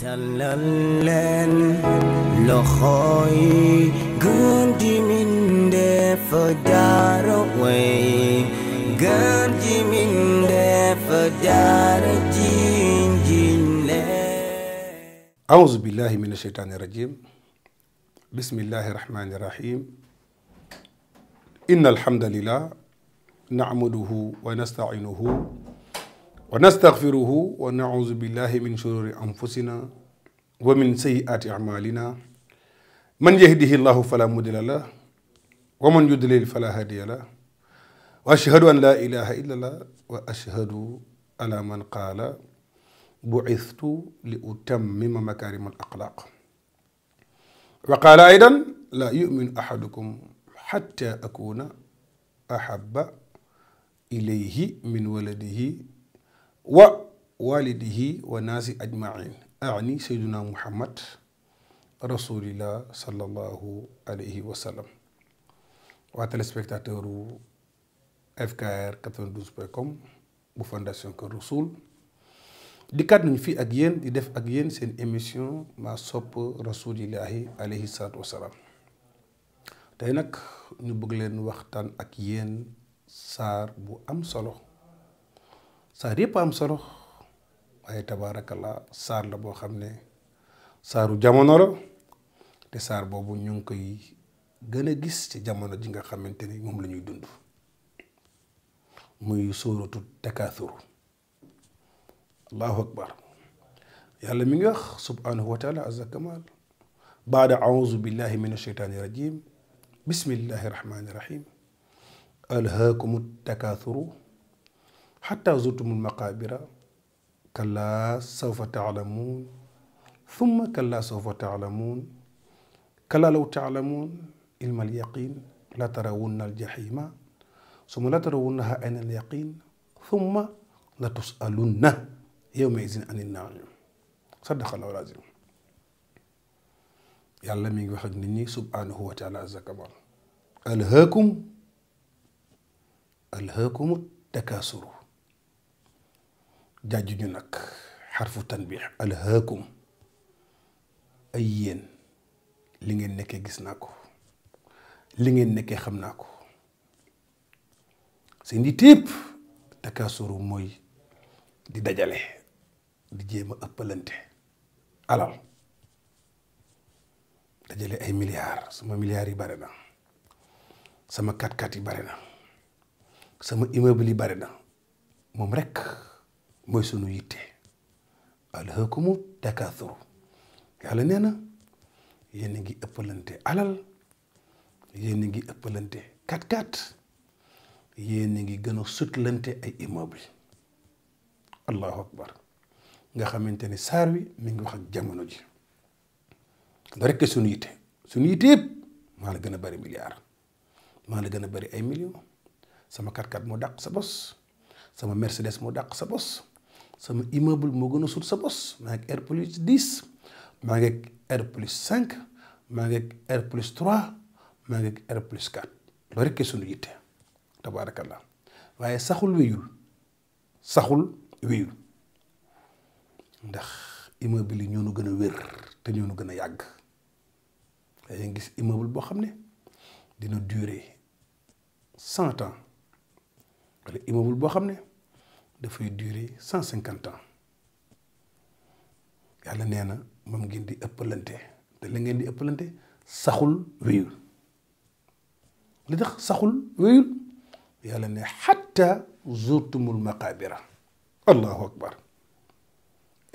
tàllal leen loxo yi gën di mindeef daara way gën di mindeef daara jiin jiin leen awuzu billahi min asheytaani rajim bismillahi rahmaani rahim inna alhamdulillah nahmaduhu wa nasta'inuhu wa nastaghfiruhu wa naudu billahi min shururi anfusina wa min sayyiati amalina man yahdihi llahu fala mudilla lah wa man yudlil fala hadiya lah wa ashhadu an la ilaha illa allah wa ashhadu ala man qaala bu'ithtu li utammima makarim al axlaq wa qaala aydan laa yuminu ahadukum xatta akuna ahaba ilayhi min waladihi wa walidihi wa naasi ajmain ani sayduna muhammad rasulillah sallallahu alayhi wa sallam waa téléspectateur u fkr 92 point com bu fondation Keur Rassoul dikkaat nañu fii ak yéen di def ak yéen seen émission ma sopp rasulillahi alayhi salaatu wasalaam tey nag ñu bëgg leen waxtaan ak yeen saar bu am solo saar yëpp am solo waaye tabaarakallah saar la boo xam ne saaru jamono la te saar boobu ñu ngi koy gën a gis ci jamono ji nga xamante ni moom la ñuy dund muy sóoratu takaathur allahu akbar yàlla mi ngi wax subhanahu wa taala azza kamal baada auzu billahi min asheytaani rajim bismillahi rahmaani rahim alhaakumu takaathuru xataa zurtumul maqaabira kallaa sawfa taalamuun thumma kallaa sawfa taalamuun kallaa law taalamuun ilma alyaqiin la tarawunna aljahima summa la tarawunnaha ayna alyaqiin thumma la tusalunna yawma idin ani naaim sadaqallahu alazim yàlla mi ngi wax ak nit ñi subhanahu wa taala azakamal alhaakum alhaakum takasuru jàjju nag xarfu tanbiix alhaakum ay yéen li ngeen nekkee gis naa ko li ngeen nekkee xam naa ko seen di tépp takaasuru mooy di dajale di jéem a ëppalante alal dajale ay milliards sama milliards yi bari na sama kat-kat yi bari na sama immeuble yi bare na moom rekk mooy sunu yitte alhaakumu takaathuru yàlla nee na yéen a ngi ëppalante alal yéen a ngi ëppalante kat-kat yéen ngi gën a sutlante ay immeuble allahu akbar nga xamante ni saar wi mi ngi wax ak jamono ji la rekk sunu yitte sunu yitte yëpp maa la gën a bari milliard maa la gën a bari ay million sama kat-kat moo dàq sa bos sama mercedes moo dàq sa bos sama immeuble moo gën a suut sa bos maa ngi ak R plus 10 maa ngi ak R plus 5 maa ngi ak R plus 3 maa ngi ak R plus 4 loolu rek sunu yitte tabaarakallah waaye saxul wéyul saxul wéyul ndax immeuble yi ñoo nu gën a wér te ñoo nu gën a yàgg dañuy gis immeuble boo xam ne dina dure cent ans wala immeuble boo xam ne. dafay durer cent cinquante ans yàlla nee na moom ngeen di ëppalante te la ngeen di ëppalante saxul wéyul li tax saxul wéyul yàlla ne xatta zurtumul maqaabira allahu akbar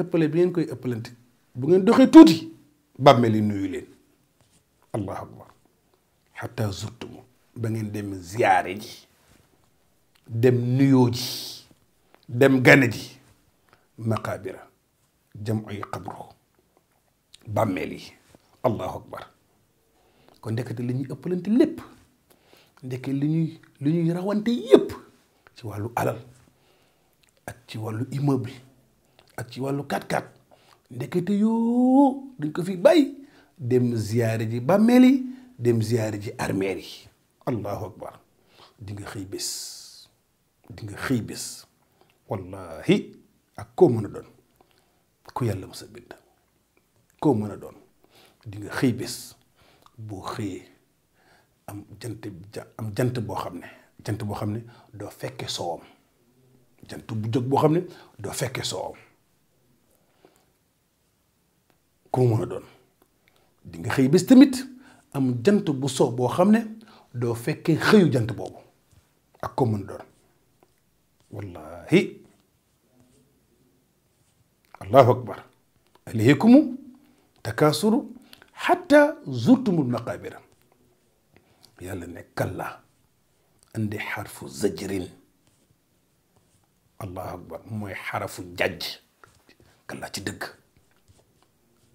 ëppale bi ngeen koy ëppalante bu ngeen doxee tuuti bàmmeel yi nuyu leen allahu akbar xatta zurtumu ba ngeen dem ziyaare ji dem nuyoo ji dem gane ji maqaabira jam ay xabru bàmmeel yi allahu akbar kon ndekete li ñuy ëppalante lépp ndeke li ñuy li ñuy rawante yépp ci wàllu alal ak ci wàllu immeuble ak ci wàllu kat-kat ndekete yoo dañ ko fi bàyyi dem ziyaare ji bàmmeel yi dem ziyaare ji armeel yi allahu akbar di xëy bés di xëy bés wallahi ak koo mën a doon ku yàlla mës a bind koo mën a doon dinga nga xëy bés boo xëyee am jant am jant boo xam ne jant boo xam ne doo fekke soowam jant bu jóg boo xam ne doo fekke soowam ku mën a doon dinga xëy bés tamit am jant bu soow boo xam ne doo fekkee xëyu jant boobu ak koo mën a doon wallahi allahu akbar alhikumu takaasuru xatta zurtumul maqaabira yàlla ne kalla andi xarfu zajrin allahu akbar mooy xarafu jàjj kalla ci dëgg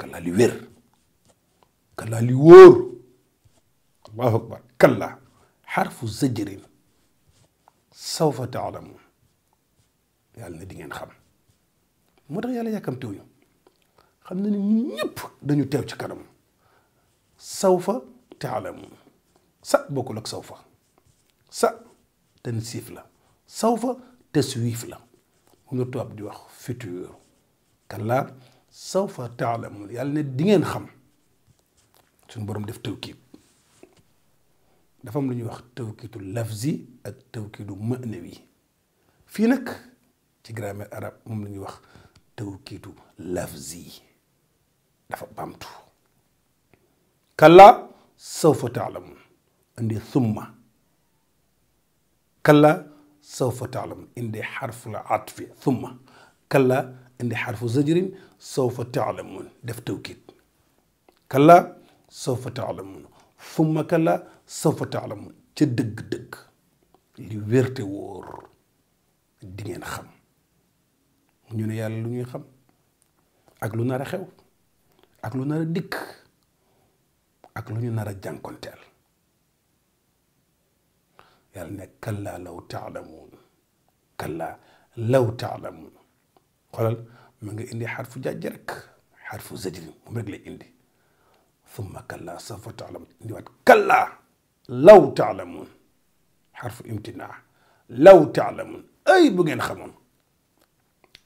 kalla li kalla li allahu akbar kalla xarfu zajrin sawfa taalamun yàlla ne di ngeen xam moo tax yàlla yàkkamtiwuñu xam na ni ñun dañu teew ci kanam saw fa taalamu sa bokkul ak saw fa sa tansiif la saw fa taswiif la moom la tubaab di wax futur kallaa saw fa taalamun yàlla ne dingeen xam suñu boroom def tawkiit dafa am lu ñuy wax tawkiitu lafzi ak tawkiitu ma'nawi fii nag ci grammaire arabe moom la ñuy wax tawkiitu lafzi dafa bamtu kalla sawfa taalamun indi summa kalla sawfa taalamun indi xarful atfi summa kalla indi xarfu zajrin sawfa taalamun def tawkiit kalla sawfa taalamun summa kalla sawfa taalamun ca dëgg-dëgg li wérte wóor di ngeen xam ñu ne lu ñuy xam ak lu nar a xew ak lu nar dikk ak lu ñu nar a jànkonteel yàlla ne kallaa law taalamuun kallaa law taalamuun xoolal mu nga indi xarfu jàjj rek xarfu zajri moom rek lay indi summa kallaa sawfa taalamuun indiwaat kallaa law taalamuun xarfu imtinaa law taalamuun ay bu ngeen xamoon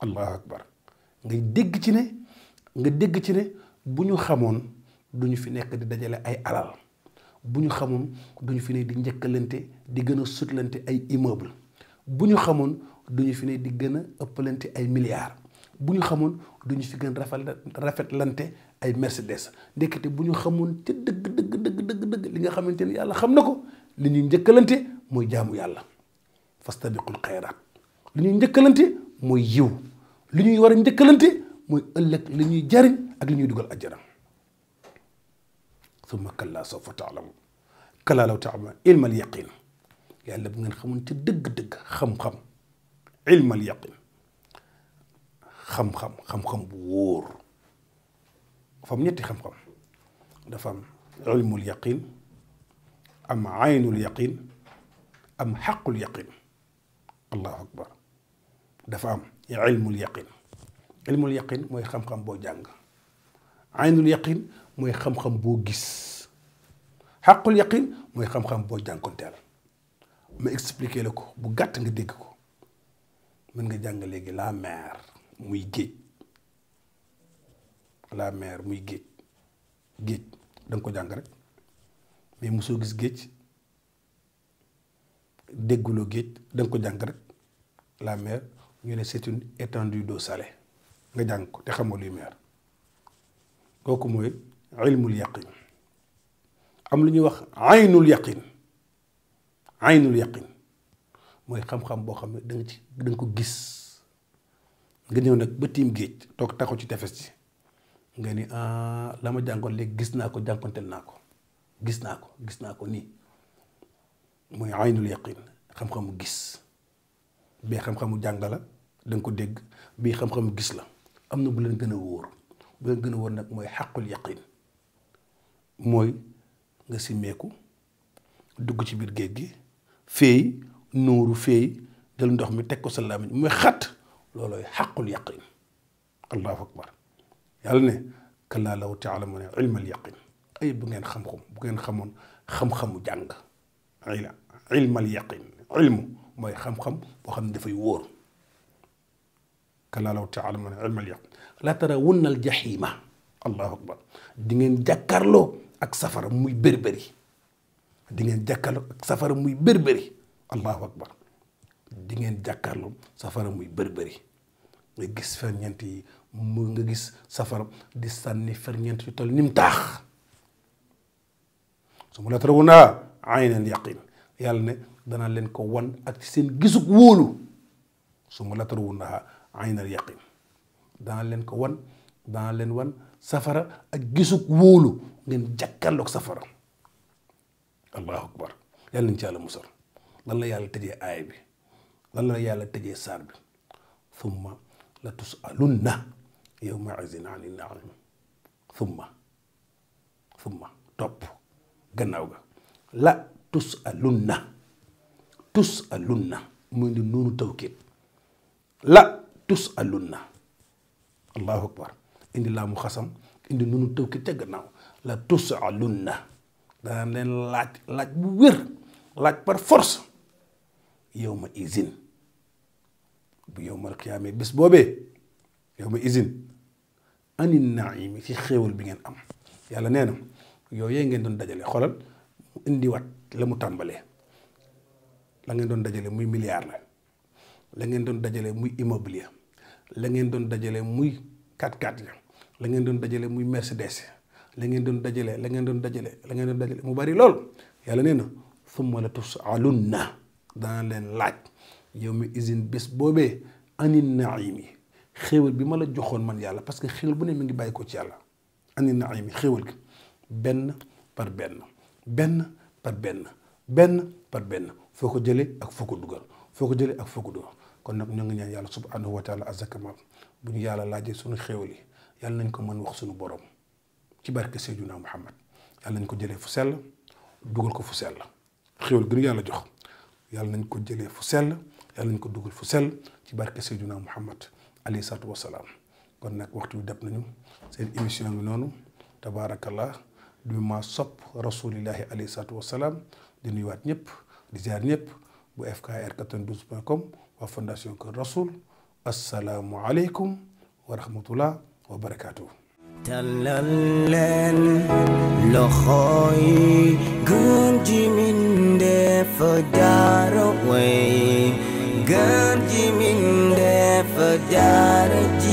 allahu akbar ngay dégg ci ne nga dégg ci ne bu ñu xamoon du ñu fi nekk di dajale ay alal bu ñu xamoon du ñu fi ne di njëkkalante di gën a sutlante ay immeuble bu ñu xamoon du ñu fi ne di gën a ëppalante ay milliards bu ñu xamoon du ñu fi gën rafet rafetlante ay mercedes ndekete bu ñu xamoon ca dëgg dëgg dëgg dëgg dëgg li nga xamante ni yàlla xam na ko li ñuy njëkkalante mooy jaamu yàlla fastabiqul xayraat li ñuy njëkkalante muy yiw li ñuy wara njëkkalante muy ëllëg li ñuy jariñ ak li ñuy dugal àjjana summa kallaa sawfa taalamu kallaa law taalamu ilmal yaqin yàlla bu ngeen xamoon ci dëgg-dëgg xam-xam ilmal yaqin xam-xam xam-xam bu wóor ñetti xam-xam dafa am ilmul yaqin am aynul yaqin am xaqul yaqin allahu akbar dafa am ilmul yaqin ilmul yaqin mooy xam-xam boo jàng aynul yaqin mooy xam-xam boo gis xaqul yaqin mooy xam-xam boo jànkonteel ma expliqué la ko bu gàtt nga dégg ko mën nga jàng léegi la mer muy géej la mer muy géej géej da ko jàng rek mais mosoo gis géej dégguloo géej da ko jàng rek la mer ñu ne c'est une étendue d'eau salée nga jàng ko te xamoo lu meer kooku mooy ilmul yaqin am lu ñuy wax aynul yaqin aynul yaqin mooy xam-xam boo xam ne da ci da ko gis nga nag ba tiim géej toog taxaw ci tefes ji nga ni ah la ma jàngoon léegi gis naa ko jànkonteel naa ko gis naa ko gis naa ko nii mooy aynul yaqin xam-xamu gis bee xam-xamu jàng la da ko dégg bii xam-xam gis la am na bu leen gën a wóor bu leen gën a wóor nag mooy xàqul yaqin mooy nga simmeeku dugg ci biir géej gi féey nuuru féey jël ndox mi teg ko sa làmmiñ muy xat loolooy xàqul yaqin allahu akbar yàlla ne kallaa law taalamuuna ilmal yaqin ay bu ngeen xam-xam bu ngeen xamoon xam-xamu jàng ilmal yaqin mooy xam-xam boo xam ne dafay wóor kallaa law taalamuun ilmal yaqiin la tarawunna al jaxiima allahu akbar di ngeen jàkkaarloo ak safara muy bërbëri di ngeen jàkkaarloo ak safara muy bërbëri allahu akbar di ngeen jàkkaarloo safara muy bërbëri nga gis ferñeent yi mu nga gis safara di sànni ferñeent yu toll ni mu taax su ma la tarawunnaa aynan yaqiin yàlla ne danaa leen ko wan ak seen gisug wóolu su ma la tarawunnahaa aynal yaqin dana leen ko wan dana leen wan safara ak gisug wóolu ngeen jàkkaarloog safara allahu akbar yàlla nañ ci yàlla musal lan la yàlla tëjee aay bi lan la yàlla tëjee saar bi thumma la tusalunna yawma izin ani naim thumma thumma topp gannaaw ga la tusalunna tusalunna muy ni noonu tawkit la tus alunna allahu akbar indi laa mu xasam indi nunu tëw ki ca gannaaw la tus alunna danaan leen laaj laaj bu wér laaj par force yow ma usine bu yow ma xiyaamee bés boobee yow ma usine ani naimi ci xéewal bi ngeen am yàlla nee na yow yee ngeen doon dajale xoolal mu indiwaat la mu tàmbalee la ngeen doon dajale muy milliard la la ngeen doon dajale muy immobilier la ngeen doon dajale muy 4x4 ya la ngeen doon dajale muy Mercedes la ngeen doon dajale la ngeen doon dajale la ngeen doon dajale mu bari lool yàlla nee na summa la tusalunna dana leen laaj yow mi usine bés boobee ani naimi xéewal bi ma la joxoon man yàlla parce que xéewal bu ne mi ngi bàyyi ko ci yàlla ani naimi xéewal gi benn par benn benn par benn benn par benn foo ko jëlee ak foo ko dugal foo ko jëlee ak foo ko dugal kon nag ñoo ngi ñaan yàlla subhanahu wa taala azakama bu ñu yàlla laajee suñu xéewal yi yàlla nañ ko mën wax suñu borom ci barke Seydina Muhammad yàlla nañ ko jëlee fu sell dugal ko fu sell xéewal gi ñu yàlla jox yàlla nañ ko jëlee fu sell yàlla nañ ko dugal fu sell ci barke Seydina Muhammad alayhi salaatu wasalaam kon nag waxtu wi dab nañu seen émission ngi noonu tabaarakallah du ma sopp rasulillahi alayhi salaatu wasalaam di nuyuwaat ñëpp di ñëpp bu fkr com waa fondation Kër Rasoul asalaamualeykum wa rahmatullah wa